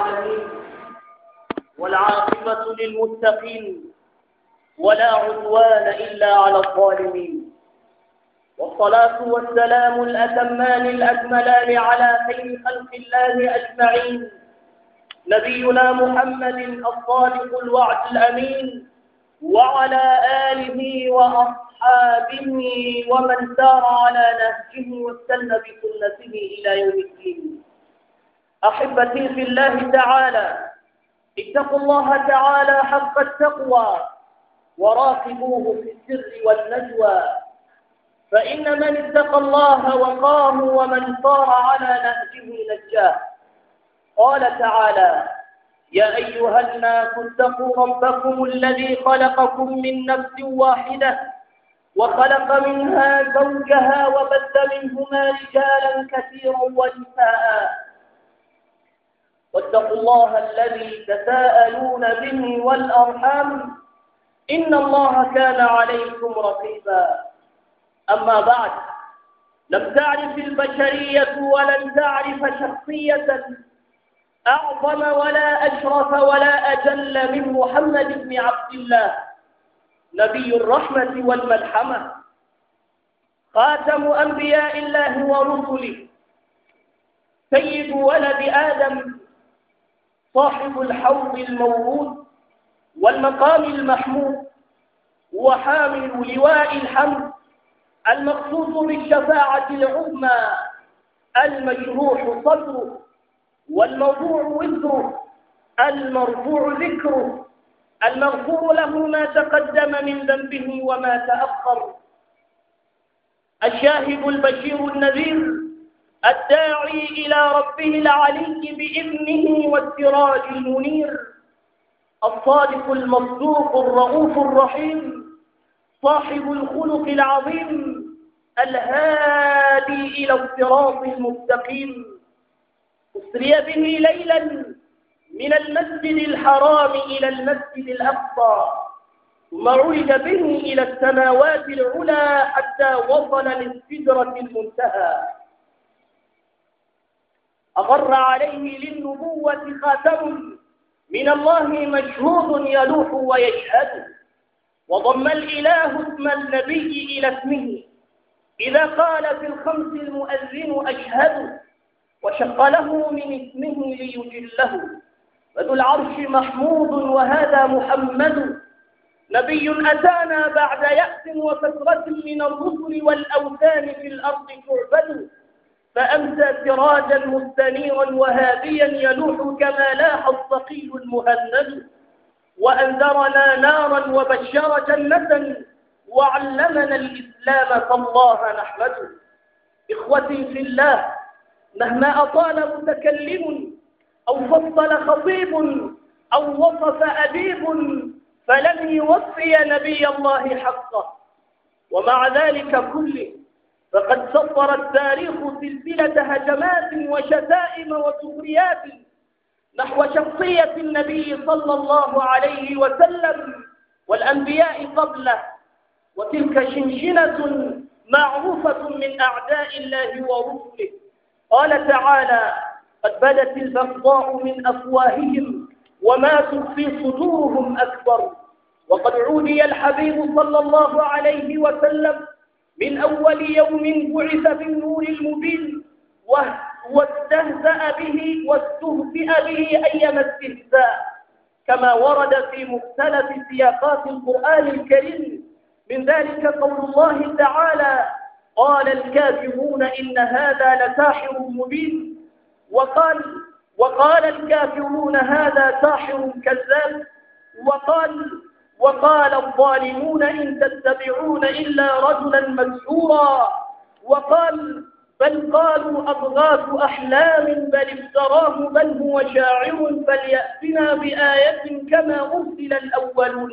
العالمين والعاقبة للمتقين ولا عدوان إلا على الظالمين والصلاة والسلام الأتمان الأكملان على خير خلق الله أجمعين نبينا محمد الصادق الوعد الأمين وعلى آله وأصحابه ومن سار على نهجه واستنى بسنته إلى يوم الدين أحبتي في الله تعالى اتقوا الله تعالى حق التقوى وراقبوه في السر والنجوى فإن من اتقى الله وقام ومن صار على نهجه نجاه قال تعالى يا أيها الناس اتقوا ربكم الذي خلقكم من نفس واحدة وخلق منها زوجها وبث منهما رجالا كثيرا ونساء واتقوا الله الذي تساءلون به والأرحام إن الله كان عليكم رقيبا أما بعد لم تعرف البشرية ولن تعرف شخصية أعظم ولا أشرف ولا أجل من محمد بن عبد الله نبي الرحمة والملحمة خاتم أنبياء الله ورسله سيد ولد آدم صاحب الحوض المورود والمقام المحمود وحامل لواء الحمد المخصوص بالشفاعة العظمى المجروح صدره والموضوع وزره المرفوع ذكره المغفور له ما تقدم من ذنبه وما تأخر الشاهد البشير النذير الداعي إلى ربه العلي بإذنه والسراج المنير الصادق المصدوق الرؤوف الرحيم صاحب الخلق العظيم الهادي إلى الصراط المستقيم أسري به ليلا من المسجد الحرام إلى المسجد الأقصى ثم عرج به إلى السماوات العلى حتى وصل للسدرة المنتهى أمر عليه للنبوة خاتم من الله مجهود يلوح ويشهد وضم الإله اسم النبي إلى اسمه إذا قال في الخمس المؤذن أشهد وشق له من اسمه ليجله فذو العرش محمود وهذا محمد نبي أتانا بعد يأس وفترة من الرسل والأوثان في الأرض تعبد فأمسى سراجا مستنيرا وهاديا يلوح كما لاح الصقيل المهند وأنذرنا نارا وبشر جنة وعلمنا الإسلام فالله نحمده إخوتي في الله مهما أطال متكلم أو فصل خطيب أو وصف أديب فلم يوفي نبي الله حقه ومع ذلك كله فقد سطر التاريخ سلسلة هجمات وشتائم وسخريات نحو شخصية النبي صلى الله عليه وسلم والأنبياء قبله وتلك شنشنة معروفة من أعداء الله ورسله قال تعالى قد بدت البغضاء من أفواههم وما تخفي صدورهم أكبر وقد عودي الحبيب صلى الله عليه وسلم من أول يوم بعث بالنور المبين واستهزأ به واستهزئ به أيما استهزاء كما ورد في مختلف سياقات القرآن الكريم من ذلك قول الله تعالى قال الكافرون إن هذا لساحر مبين وقال وقال الكافرون هذا ساحر كذاب وقال وقال الظالمون إن تتبعون إلا رجلا مسحورا وقال بل قالوا أضغاث أحلام بل افتراه بل هو شاعر فليأتنا بآية كما أرسل الأولون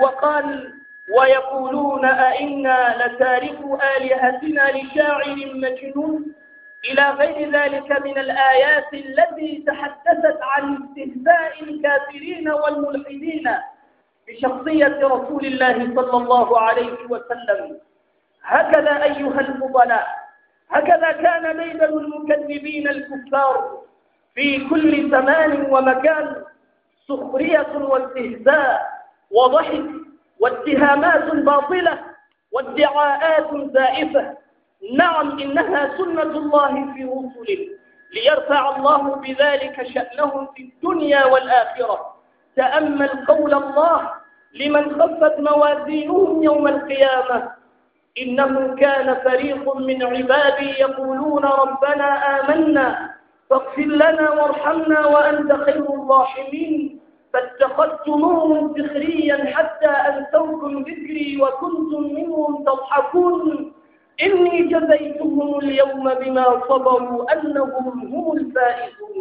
وقال ويقولون أئنا لتاركوا آلهتنا لشاعر مجنون إلى غير ذلك من الآيات التي تحدثت عن استهزاء الكافرين والملحدين بشخصية رسول الله صلى الله عليه وسلم هكذا أيها الفضلاء هكذا كان ميدل المكذبين الكفار في كل زمان ومكان سخرية واستهزاء وضحك واتهامات باطلة وادعاءات زائفة نعم إنها سنة الله في رسله ليرفع الله بذلك شأنهم في الدنيا والآخرة تأمل قول الله لمن خفت موازينهم يوم القيامة إنه كان فريق من عبادي يقولون ربنا آمنا فاغفر لنا وارحمنا وأنت خير الراحمين فاتخذتموهم سخريا حتى أنسوكم ذكري وكنتم منهم تضحكون إني جزيتهم اليوم بما صبروا أنهم هم الفائزون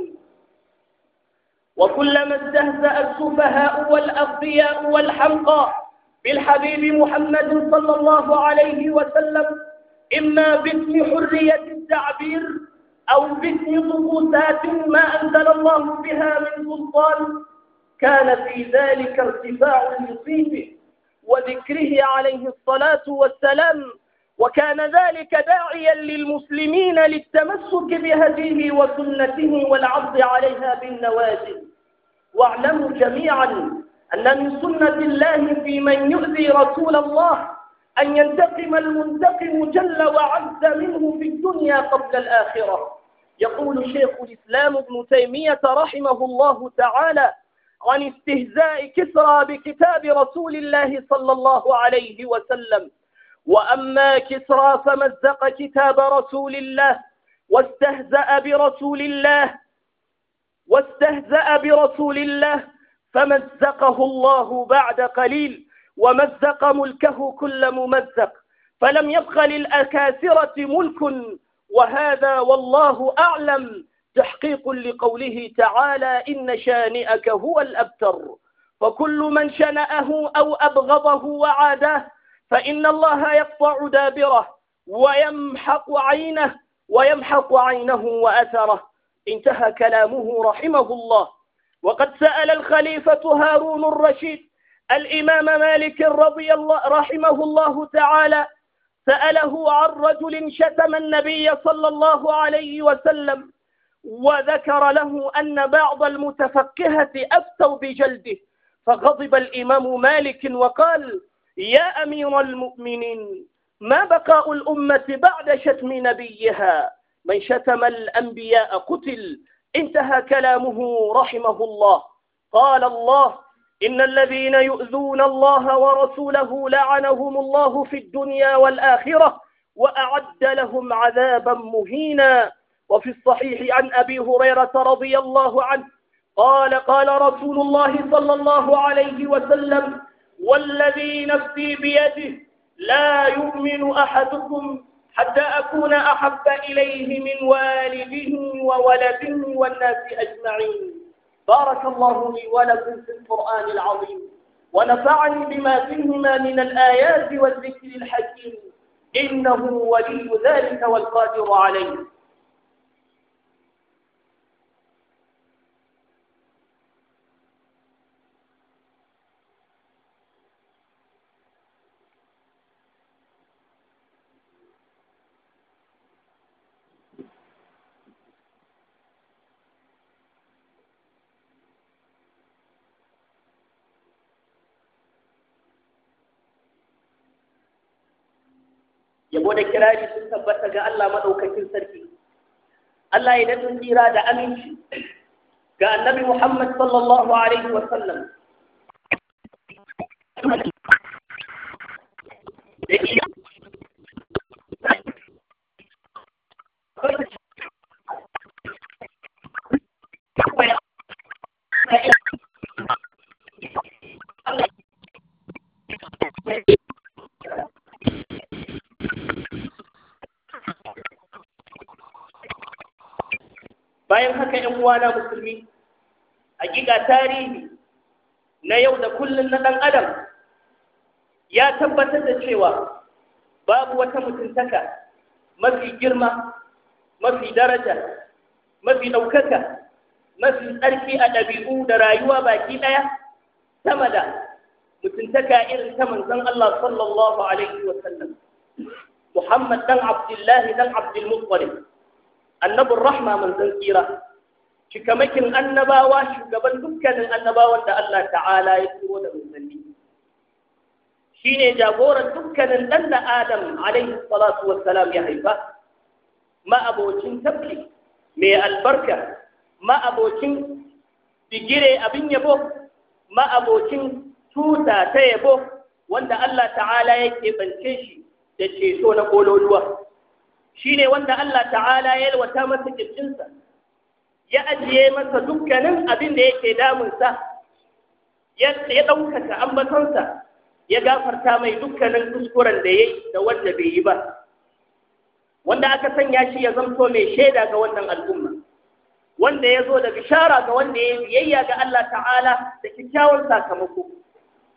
وكلما استهزأ السفهاء والأغبياء والحمقى بالحبيب محمد صلى الله عليه وسلم إما باسم حرية التعبير أو باسم طقوسات ما أنزل الله بها من سلطان كان في ذلك ارتفاع لمصيبه وذكره عليه الصلاة والسلام وكان ذلك داعيا للمسلمين للتمسك بهديه وسنته والعرض عليها بالنواجذ واعلموا جميعا أن من سنة الله في من يؤذي رسول الله أن ينتقم المنتقم جل وعز منه في الدنيا قبل الآخرة يقول شيخ الإسلام ابن تيمية رحمه الله تعالى عن استهزاء كسرى بكتاب رسول الله صلى الله عليه وسلم وأما كسرى فمزق كتاب رسول الله واستهزأ برسول الله واستهزأ برسول الله فمزقه الله بعد قليل ومزق ملكه كل ممزق فلم يبق للأكاسرة ملك وهذا والله أعلم تحقيق لقوله تعالى إن شانئك هو الأبتر فكل من شنأه أو أبغضه وعاداه فإن الله يقطع دابره ويمحق عينه ويمحق عينه وأثره انتهى كلامه رحمه الله وقد سأل الخليفة هارون الرشيد الإمام مالك رضي الله رحمه الله تعالى سأله عن رجل شتم النبي صلى الله عليه وسلم وذكر له أن بعض المتفقهة أفتوا بجلده فغضب الإمام مالك وقال يا أمير المؤمنين ما بقاء الأمة بعد شتم نبيها من شتم الأنبياء قتل انتهى كلامه رحمه الله قال الله إن الذين يؤذون الله ورسوله لعنهم الله في الدنيا والآخرة وأعد لهم عذابا مهينا وفي الصحيح عن أبي هريرة رضي الله عنه قال قال رسول الله صلى الله عليه وسلم والذي نفسي بيده لا يؤمن أحدكم حتى أكون أحب إليه من والده وولده والناس أجمعين بارك الله لي ولكم في القرآن العظيم ونفعني بما فيهما من الآيات والذكر الحكيم إنه ولي ذلك والقادر عليه yabo da kirari sun tabbata ga Allah madaukakin sarki Allah ya dadin jira da aminci ga annabi Muhammad sallallahu alaihi wa sallam da bayan haka ‘yan uwana musulmi hakika tarihi na yau da kullum na ɗan adam ya tabbatar da cewa babu wata mutuntaka mafi girma mafi daraja mafi ɗaukaka mafi tsarki a ɗabi'u da rayuwa baki ɗaya sama da mutuntaka irin ta manzon Allah sallallahu alaihi Wasallam, Muhammad dan Abdullahi dan Abdul annabin rahma manzon tsira cikamakin annabawa shugaban dukkanin annabawan da Allah ta'ala ya turo da manzanni shine jagoran dukkanin dan da Adam alaihi salatu wassalam ya haifa ma'abocin tabli mai albarka ma'abocin bigire abin yabo ma'abocin tuta ta yabo wanda Allah ta'ala ya keɓance shi da ceto na ƙololuwa Shi ne wanda Allah ta'ala ya yalwata masa kirjinsa ya ajiye masa dukkanin abin da yake damunsa ya ɗaukaka ambatonsa ya gafarta mai dukkanin kuskuren da ya yi da wanda bai yi ba wanda aka sanya shi ya zamto mai shaida ga wannan al'umma wanda ya zo da bishara ga wanda ya yi biyayya ga Allah ta'ala da kyakkyawan sakamako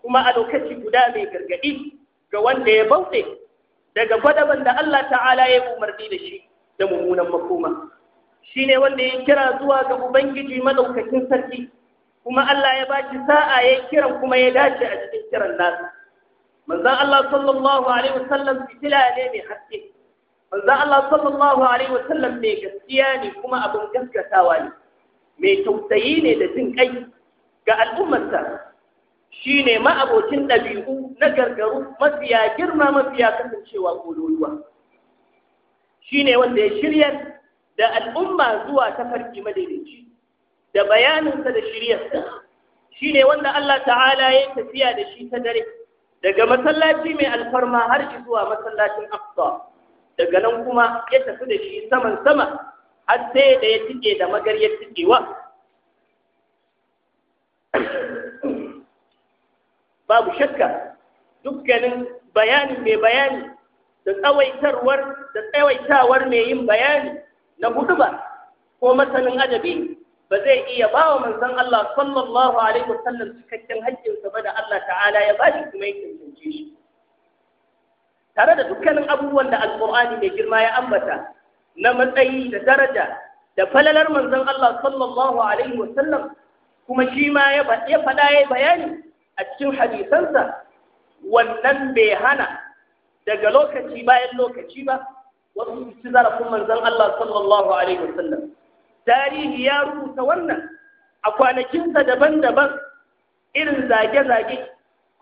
kuma a lokaci guda mai gargaɗi ga wanda ya bauɗe daga gwadaban da Allah ta'ala ya umarni da shi da mummunan makoma shi ne wanda ya kira zuwa ga ubangiji madaukakin sarki kuma Allah ya bashi sa'a ya kiran kuma ya dace a cikin kiran nasa manzon Allah sallallahu alaihi wasallam fitila ne mai haske manzon Allah sallallahu alaihi wasallam mai gaskiya ne kuma abin gaskatawa ne mai tausayi ne da jin kai ga al'ummarsa shi ne ma'abocin ɗabi'u na gargaru mafiya girma mafiya kasancewa ƙololuwa shi ne wanda ya shirya da al'umma zuwa ta farki madaidaici da bayaninsa da shiryarsa shi ne wanda Allah ta'ala ya yi tafiya da shi ta dare daga masallaci mai alfarma har zuwa masallacin aqsa daga nan kuma ya tafi da shi saman sama har sai da ya tike da magaryar tikewa babu shakka dukkanin bayanin mai bayani da tsawaitarwar da tsawaitawar mai yin bayani na huduba ko masanin adabi ba zai iya ba wa manzon Allah sallallahu alaihi wasallam cikakken haƙƙinsa ba da Allah ta'ala ya bashi kuma ya cancance shi tare da dukkanin abubuwan da alƙur'ani mai girma ya ambata na matsayi da daraja da falalar manzon Allah sallallahu alaihi wasallam kuma shi ma ya faɗa ya bayani a cikin hadisansa wannan bai hana daga lokaci bayan lokaci ba wasu su zarafin manzon Allah sallallahu alaihi wasallam tarihi ya rubuta wannan a kwanakinsa daban-daban irin zage-zage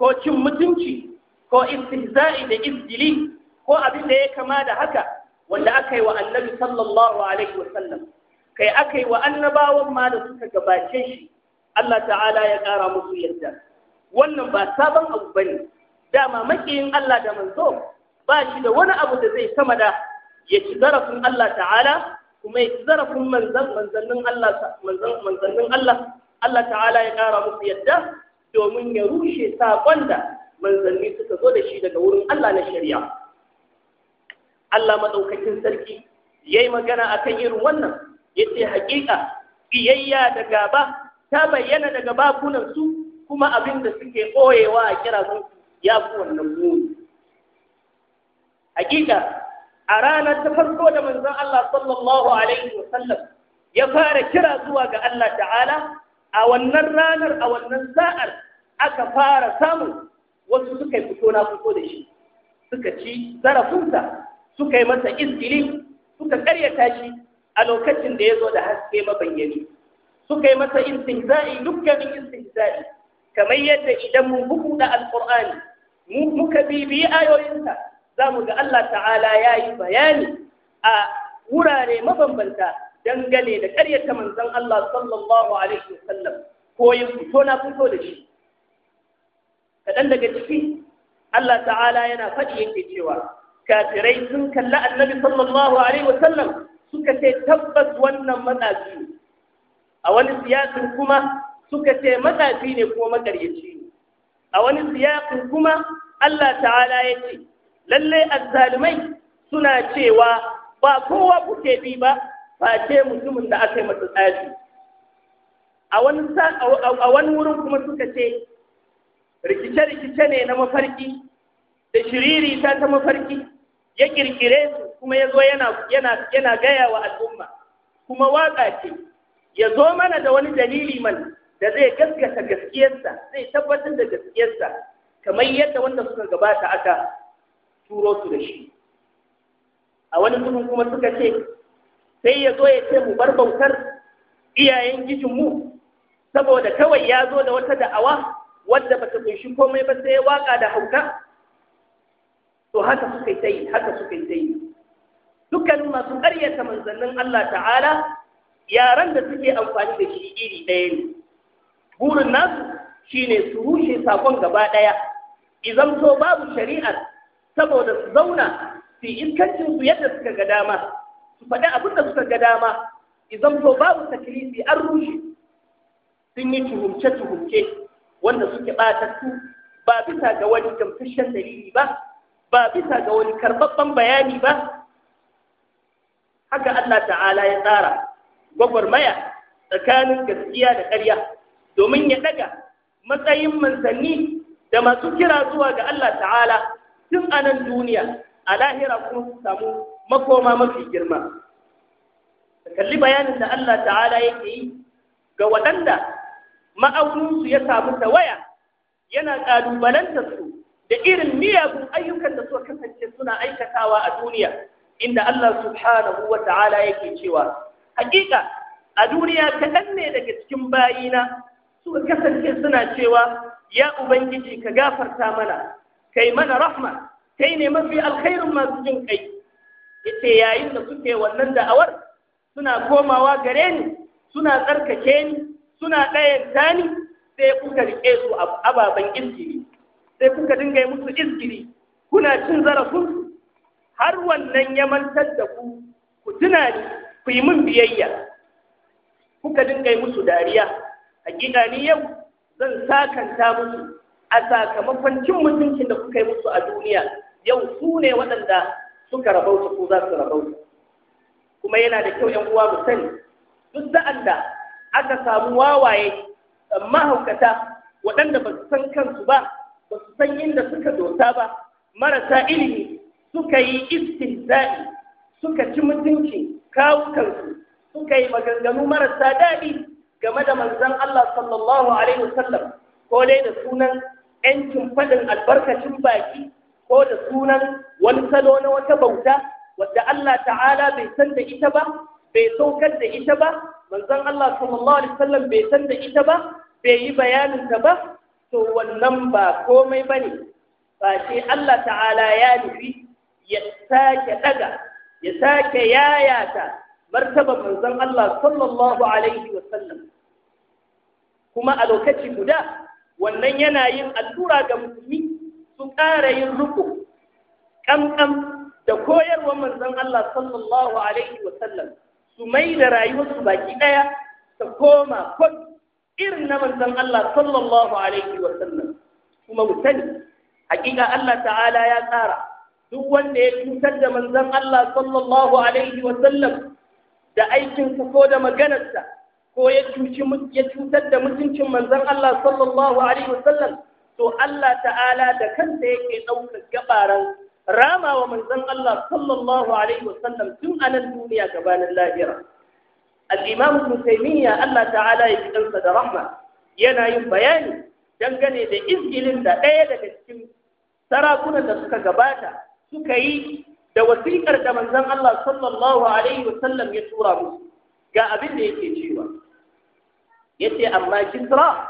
ko cin mutunci ko istihza'i da izgili ko abin da ya kama da haka wanda aka yi wa annabi sallallahu alaihi wasallam kai aka yi wa annabawan ma da suka gabace shi Allah ta'ala ya ƙara musu yadda wannan ba sabon abu ba ne dama makiyin Allah da manzo ba shi da wani abu da zai sama da ya ci zarafin Allah ta'ala kuma ya ci zarafin manzannin Allah Allah ta'ala ya kara musu yadda domin ya rushe saƙon da manzanni suka zo da shi daga wurin Allah na shari'a Allah maɗaukakin sarki yi magana akan irin wannan yace haƙiƙa ƙiyayya da gaba ta bayyana daga bakunan su kuma abin da suke ɓoyewa a kira su ya fi wannan muni hakika a ranar ta farko da manzon Allah sallallahu alaihi wasallam ya fara kira zuwa ga Allah ta'ala a wannan ranar a wannan sa'ar aka fara samun wasu suka yi fito na fito da shi suka ci zarafunsa, suka yi masa izgili suka karyata shi a lokacin da ya zo da haske mabayyani suka yi masa istihza'i dukkanin istihza'i kamar yadda idan mun buku da alƙur'ani muka bibiyi ayoyinsa za mu ga Allah ta'ala ya yi bayani a wurare mabambanta dangane da ƙaryata manzon Allah sallallahu alaihi wasallam ko fito na fito da shi kaɗan daga ciki Allah ta'ala yana faɗi yake cewa kafirai sun kalli annabi sallallahu alaihi sallam, suka ce tabbas wannan matsafi a wani siyasin kuma suka ce matsafi ne kuma makaryaci ne a wani siyakin kuma Allah ta'ala ya ce lalle azzalumai suna cewa ba kowa kuke bi ba ba ce mutumin da aka yi masa tsafi a wani wurin kuma suka ce rikice-rikice ne na mafarki da shiriri ta ta mafarki ya kirkire su kuma ya zo yana gaya wa al'umma kuma waƙa ce ya zo mana da wani dalili mana da zai gaskata gaskiyarsa zai tabbatar da gaskiyarsa kamar yadda wanda suka gabata aka turo su da shi a wani gudun kuma suka ce sai ya zo ya ce mu bar bautar iyayen gijinmu saboda kawai ya zo da wata da'awa wadda ba ta kunshi komai ba sai ya waka da hauka to haka suka yi ta haka suka yi ta yi dukkanin masu ƙaryata manzannin Allah ta'ala yaran da suke amfani da shi iri ɗaya ne burin nasu shine su rushe sakon gaba ɗaya idan so babu shari'ar saboda su zauna su iskancin su yadda suka ga dama su faɗi abin da suka ga dama idan so babu taklifi an rushe sun yi tuhumce tuhumce wanda suke ɓatattu ba bisa ga wani gamsasshen dalili ba ba bisa ga wani karɓaɓɓen bayani ba haka Allah ta'ala ya tsara gwagwarmaya tsakanin gaskiya da ƙarya domin ya daga matsayin manzanni da masu kira zuwa ga Allah ta'ala tun a nan duniya a lahira kuma su samu makoma mafi girma kalli bayanin da Allah ta'ala yake yi ga waɗanda ma'auninsu ya samu ta waya, yana ƙalubalantar su da irin miyagun ayyukan da suka kasance suna aikatawa a duniya inda Allah subhanahu wa ta'ala yake cewa hakika a duniya kaɗan ne daga cikin bayina suka kasance suna cewa ya ubangiji ka gafarta mana kai mana rahma kai ne mafi alkhairin masu jin kai yace yayin da suke wannan da'awar suna komawa gare ni suna tsarkake ni suna ɗayanta tani? sai kuka riƙe su ababen izgiri sai kuka dinga yi musu izgiri kuna cin zarafin har wannan ya mantar da ku ku tuna ni ku yi min biyayya kuka dinga yi musu dariya hakika ni yau zan sakanta musu a sakamakon cin mutuncin da kuka yi musu a duniya yau su ne waɗanda suka rabauta ko za su rabauta kuma yana da kyau 'yan uwa mu sani duk sa'an da aka samu wawaye mahaukata waɗanda ba su san kansu ba ba su san inda suka dosa ba marasa ilimi suka yi istinza'i suka ci mutunci kawukansu suka yi maganganu marasa daɗi game da manzon Allah sallallahu alaihi wasallam ko dai da sunan ‘yancin faɗin albarkacin baki ko da sunan wani salo na wata bauta wadda Allah ta'ala bai san da ita ba, bai saukar da ita ba, Manzan Allah sallallahu Alaihi wasallam bai san da ita ba, bai yi bayaninta ba, to wannan ba komai ba ne, ba Allah ta'ala ya nufi ya sake ɗaga, ya sake yayata martaba manzon Allah sallallahu alaihi wasallam kuma a lokaci guda wannan yana yin allura ga musulmi su ƙara yin ruku ƙamƙam da koyarwa manzon Allah sallallahu alaihi wasallam su mai da rayuwarsu baki ɗaya ta koma kwat irin na manzon Allah sallallahu alaihi wasallam kuma mu sani hakika Allah ta'ala ya tsara duk wanda ya cutar da manzon Allah sallallahu alaihi wasallam da aikinsa ko da maganarsa ko ya cutar da mutuncin manzon Allah sallallahu alaihi wasallam to Allah ta'ala da kansa yake ɗaukar gabaran rama wa manzon Allah sallallahu alaihi wasallam tun a nan duniya gabanin lahira al-imam Taymiyyah Allah ta'ala ya kansa da rahma yana yin bayani dangane da izgilin da ɗaya daga cikin sarakunan da suka gabata suka yi da wasiƙar da manzan Allah sallallahu alaihi wasallam ya tura musu ga abin da yake cewa Ya ce amma kisra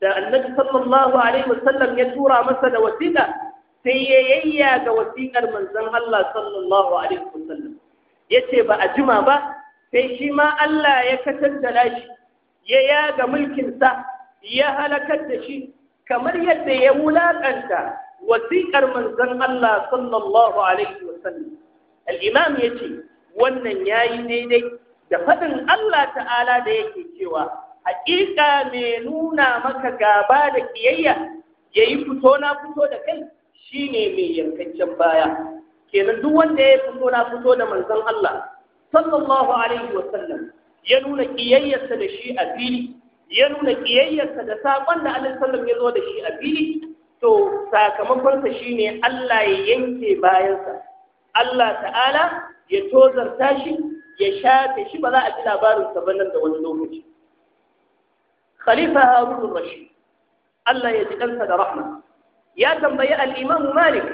da annabi sallallahu alaihi wasallam ya tura masa da wasiƙa sai ya yayya ga wasiƙar manzan Allah sallallahu alaihi wasallam ce ba a jima ba sai shi ma Allah ya katantala shi ya yaga mulkinsa ya halakar da shi kamar yadda ya wulaƙanta wasiƙar manzon Allah sallallahu alaihi wa wasallam al'imam ya ce, wannan ya yi daidai da faɗin Allah ta'ala da yake cewa haƙiƙa mai nuna maka gaba da ƙiyayya ya yi fito na fito da kai shi ne mai yankaccen baya kenan duk wanda ya fito na fito da manzon Allah sallallahu alaihi wa sallam ya nuna ƙiyayyarsa da shi a fili ya nuna ƙiyayyarsa da saƙon da Allah sallam ya zo da shi a fili to sakamakonsa shine Allah ya yanke bayansa Allah ta'ala ya tozarta shi ya shafe shi ba za a ji labarinsa ba nan da wani lokaci khalifa harun rashid Allah ya ji kansa da rahma ya tambayi al-imam malik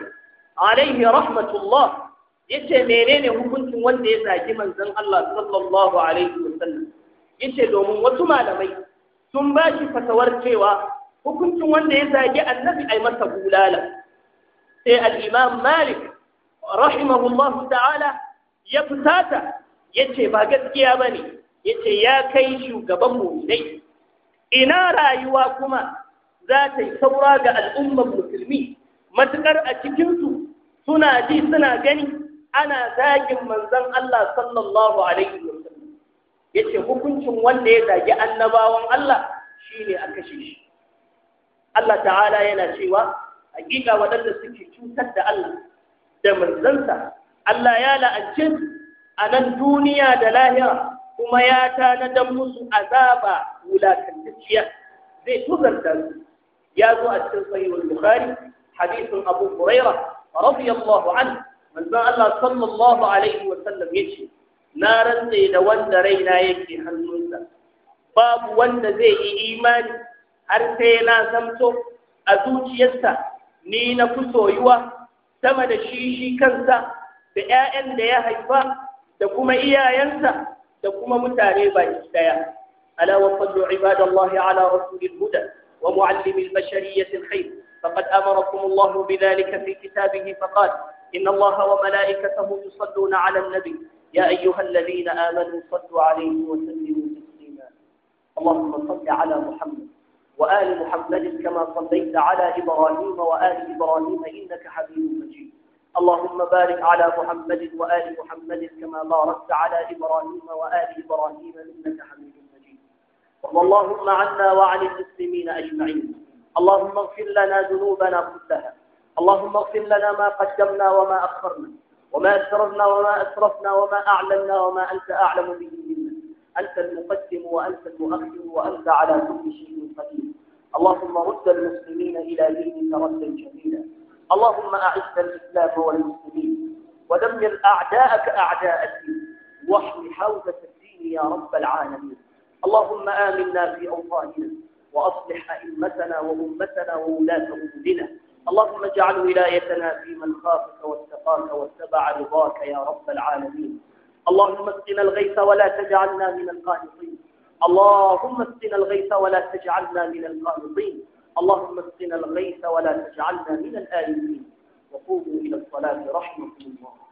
alaihi rahmatullah yace menene hukuncin wanda ya zagi manzon Allah sallallahu alaihi wasallam yace domin wasu malamai sun ba shi fatawar cewa hukuncin wanda ya zagi annabi ai masa bulala sai al-imam malik rahimahullah ta'ala ya fusata yace ba gaskiya bane yace ya kai shugaban dai. ina rayuwa kuma za ta yi saura ga al'ummar musulmi matukar a cikinsu suna ji suna gani ana zagin manzon Allah sallallahu alaihi wasallam ce hukuncin wanda ya zagi annabawan Allah shine a kashe shi Allah ta'ala yana cewa hakika waɗanda suke cutar da Allah da manzansa Allah ya la'ance a nan duniya da lahira kuma ya tanadar musu azaba wulakantacciya zai tuzarta su ya zo a cikin sahihul bukhari hadisin abu huraira radiyallahu anhu manzon Allah sallallahu alaihi wa sallam yace na rantse da wanda raina yake hannunsa babu wanda zai yi imani har sai na zamto a zuciyarsa ni na fi soyuwa sama da shi shi kansa da 'ya'yan da ya haifa da kuma iyayensa da kuma mutane baki daya ala wa fadlu ibadallahi ala rasulil huda wa muallimil bashariyyati khair faqad amarakum Allah bidhalika fi kitabih faqad inna Allah wa malaikatahu yusalluna ala an-nabi ya ayyuhalladhina amanu sallu alayhi wa sallimu taslima اللهم صل على محمد وآل محمد كما صليت على إبراهيم وآل إبراهيم إنك حميد مجيد اللهم بارك على محمد وآل محمد كما باركت على إبراهيم وآل إبراهيم إنك حميد مجيد وارض اللهم عنا وعن المسلمين أجمعين اللهم اغفر لنا ذنوبنا كلها اللهم اغفر لنا ما قدمنا وما أخرنا وما أسررنا وما أسرفنا وما أعلنا وما أنت أعلم به منا أنت المقدم وأنت المؤخر وأنت على كل شيء قدير اللهم رد المسلمين إلى دينك ردا جميلا اللهم أعز الإسلام والمسلمين ودمر أعداءك أعداء الدين واحم حوزة الدين يا رب العالمين اللهم آمنا في أوطاننا وأصلح أئمتنا وأمتنا وولاة أمورنا اللهم اجعل ولايتنا في من خافك واتقاك واتبع رضاك يا رب العالمين اللهم اسقنا الغيث ولا تجعلنا من القانطين اللهم اسقنا الغيث ولا تجعلنا من القانطين اللهم اسقنا الغيث ولا تجعلنا من الآلمين وقوموا إلى الصلاة رحمكم الله